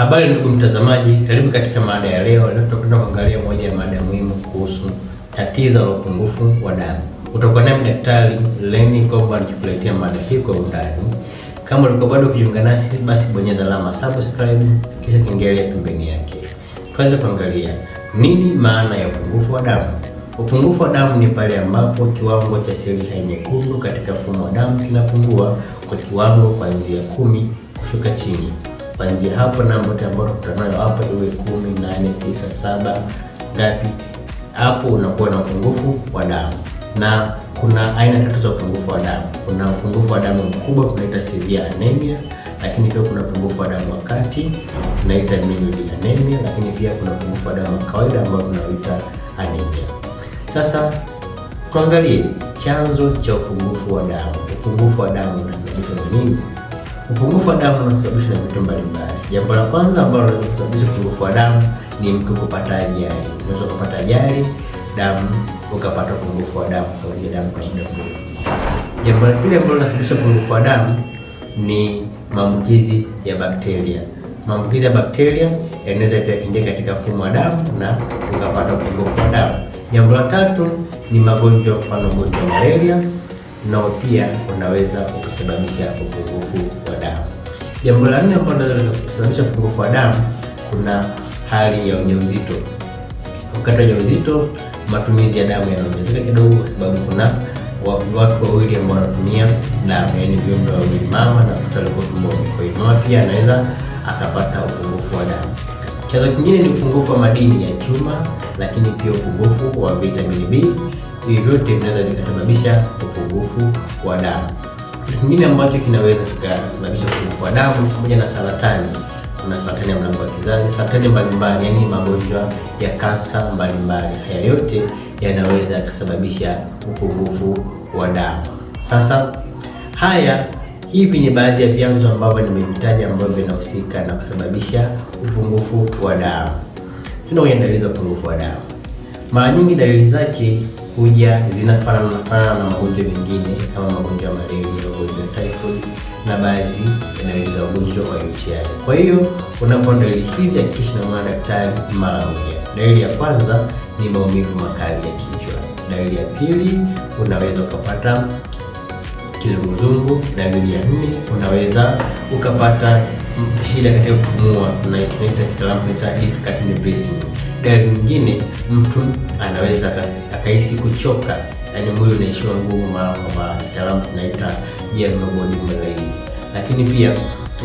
Habari ndugu mtazamaji, karibu katika mada ya leo. Leo tutakwenda kuangalia moja ya mada muhimu kuhusu tatizo la upungufu wa damu. Utakuwa naye Daktari Lenny Komba anatukuletea mada hii kwa undani. Kama ulikuwa bado kujiunga nasi, basi bonyeza alama subscribe kisha kengele pembeni yake. Tuanze kuangalia nini maana ya upungufu wa damu. Upungufu wa damu ni pale ambapo kiwango cha seli hai nyekundu katika mfumo wa damu kinapungua kwa kiwango kuanzia kumi kushuka chini kuanzia hapo namba yote ambayo utakutanayo hapa iwe kumi, nane, tisa, saba, ngapi, hapo unakuwa na upungufu wa damu na kuna aina tatu za upungufu wa damu. Kuna upungufu wa damu mkubwa tunaita severe anemia, lakini pia kuna upungufu wa damu wa kati tunaita mild anemia, lakini pia kuna upungufu wa damu wa kawaida ambao tunaita anemia. Sasa tuangalie chanzo cha upungufu wa damu. Upungufu wa damu unasababishwa na nini? Upungufu wa damu unasababishwa na vitu mbalimbali. Jambo la kwanza ambalo linaweza kusababisha upungufu wa damu ni mtu kupata ajali. Unaweza kupata ajali damu ukapata upungufu wa damu kwa damu kwa muda mrefu. Jambo la pili ambalo linasababisha upungufu wa damu ni maambukizi ya bakteria. Maambukizi ya bakteria yanaweza kuingia katika mfumo wa damu na ukapata upungufu wa damu. Jambo la tatu ni magonjwa, mfano ugonjwa wa malaria nao pia unaweza ukasababisha upungufu wa damu. Jambo la nne ambalo linaweza kusababisha upungufu wa damu, kuna hali ya ujauzito. Wakati wa ujauzito matumizi ya damu yanaongezeka kidogo, kwa sababu kuna watu wawili ambao wanatumia damu, yaani viumbe wawili, mama na mtoto alikuwa tumboni. Kwa hiyo mama pia anaweza akapata upungufu wa damu. Chanzo kingine ni upungufu wa madini ya chuma, lakini pia upungufu wa vitamini B hivi vyote vinaweza vikasababisha upungufu wa damu. Kitu kingine ambacho kinaweza kikasababisha upungufu wa damu pamoja na saratani, kuna saratani ya mlango wa kizazi, saratani mbalimbali, yaani magonjwa ya kansa mbalimbali. Haya yote yanaweza yakasababisha upungufu wa damu. Sasa haya hivi ni baadhi ya vyanzo ambavyo nimevitaja ambavyo vinahusika na kusababisha upungufu wa damu. Tunaenda dalili za upungufu wa damu. Mara nyingi dalili zake huja zinafanana na magonjwa mengine kama magonjwa ya malaria, magonjwa ya typhoid na baadhi yanaweza ugonjwa wa UTI. Kwa hiyo unapoona dalili hizi, hakikisha na madaktari mara moja. Dalili ya kwanza ni maumivu makali ya kichwa. Dalili ya pili unaweza ukapata kizunguzungu. Dalili ya nne unaweza ukapata shida katika kupumua, tunaita kitaalamu difficult breathing gari nyingine mtu anaweza akahisi kuchoka, yaani mwili unaishiwa nguvu mara kwa mara, kitaalamu tunaita general body malaria. Lakini pia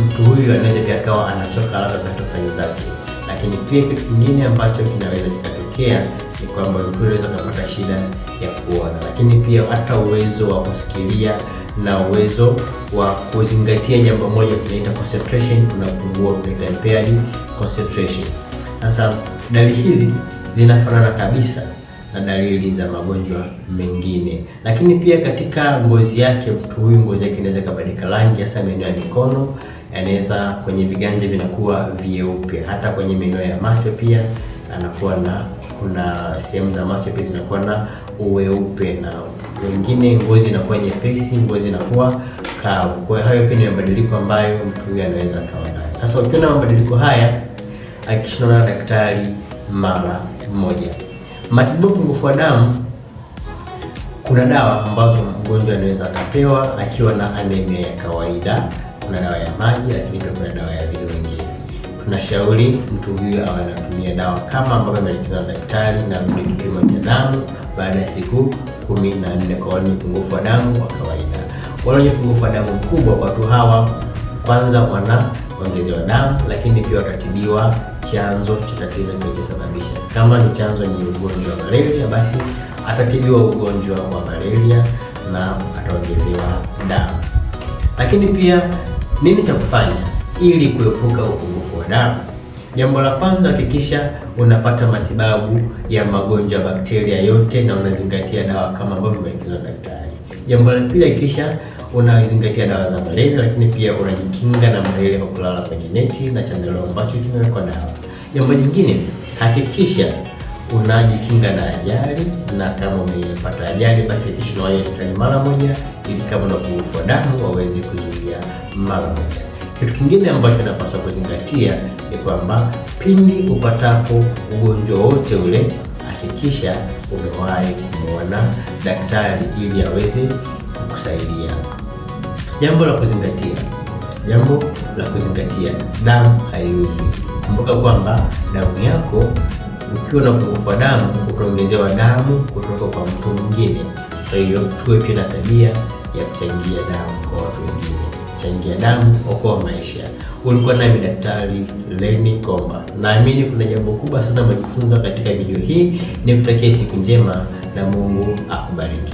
mtu huyu anaweza pia akawa anachoka labda katika kazi zake. Lakini pia kitu kingine ambacho kinaweza kikatokea ni kwamba mtu anaweza kupata shida ya kuona, lakini pia hata uwezo wa kufikiria na uwezo wa kuzingatia jambo moja tunaita concentration unapungua, tunaita impaired concentration. Sasa Dalili hizi zinafanana kabisa na dalili za magonjwa mengine, lakini pia katika ngozi yake, mtu huyu ngozi yake inaweza ikabadilika rangi, hasa maeneo ya mikono, anaweza kwenye viganja vinakuwa vyeupe, hata kwenye maeneo ya macho pia anakuwa na kuna sehemu za macho pia zinakuwa na uweupe, na wengine ngozi inakuwa nyepesi, ngozi inakuwa kavu. Kwa hiyo hayo pia ni mabadiliko ambayo mtu huyu anaweza akawa nayo. Sasa ukiona mabadiliko haya akishindana na daktari mara moja. Matibabu upungufu wa damu, kuna dawa ambazo mgonjwa anaweza akapewa akiwa na anemia ya kawaida. Kuna dawa ya maji, lakini pia kuna dawa ya vidonge. Tunashauri mtu huyu awe anatumia dawa kama ambavyo ameelekezwa na daktari na mle kipimo cha damu baada ya siku kumi na nne kwa wale upungufu wa damu wa kawaida. Wale wenye upungufu wa damu mkubwa, watu hawa kwanza wanaongezewa damu, lakini pia watatibiwa chanzo cha tatizo kilichosababisha. Kama ni chanzo ni ugonjwa wa malaria, basi atatibiwa ugonjwa wa malaria na ataongezewa damu. Lakini pia nini cha kufanya ili kuepuka upungufu wa damu? Jambo la kwanza, hakikisha unapata matibabu ya magonjwa ya bakteria yote na unazingatia dawa kama ambavyo umeelekezwa daktari. Jambo la pili, hakikisha unazingatia dawa za malaria, lakini pia unajikinga na malaria kwa kulala kwenye neti na chandarua ambacho kimewekwa dawa. Jambo jingine, hakikisha unajikinga na ajali, na kama umepata ajali, basi hakikisha unawahi hospitali mara moja, ili kama na damu waweze kuzuia mara moja. Kitu kingine ambacho napaswa kuzingatia ni kwamba pindi upatapo ugonjwa wote ule, hakikisha umewahi kumwona daktari ili aweze kukusaidia. Jambo la kuzingatia, jambo la kuzingatia, damu haiuzwi. Kumbuka kwamba damu yako ukiwa na upungufu wa damu utaongezewa damu kutoka kwa mtu mwingine. Kwa hiyo tuwe pia na tabia ya kuchangia damu kwa watu wengine. Changia damu, okoa maisha. Ulikuwa nami Daktari Lenny Komba. Naamini kuna jambo kubwa sana umejifunza katika video hii. Nikutakia siku njema na Mungu akubariki.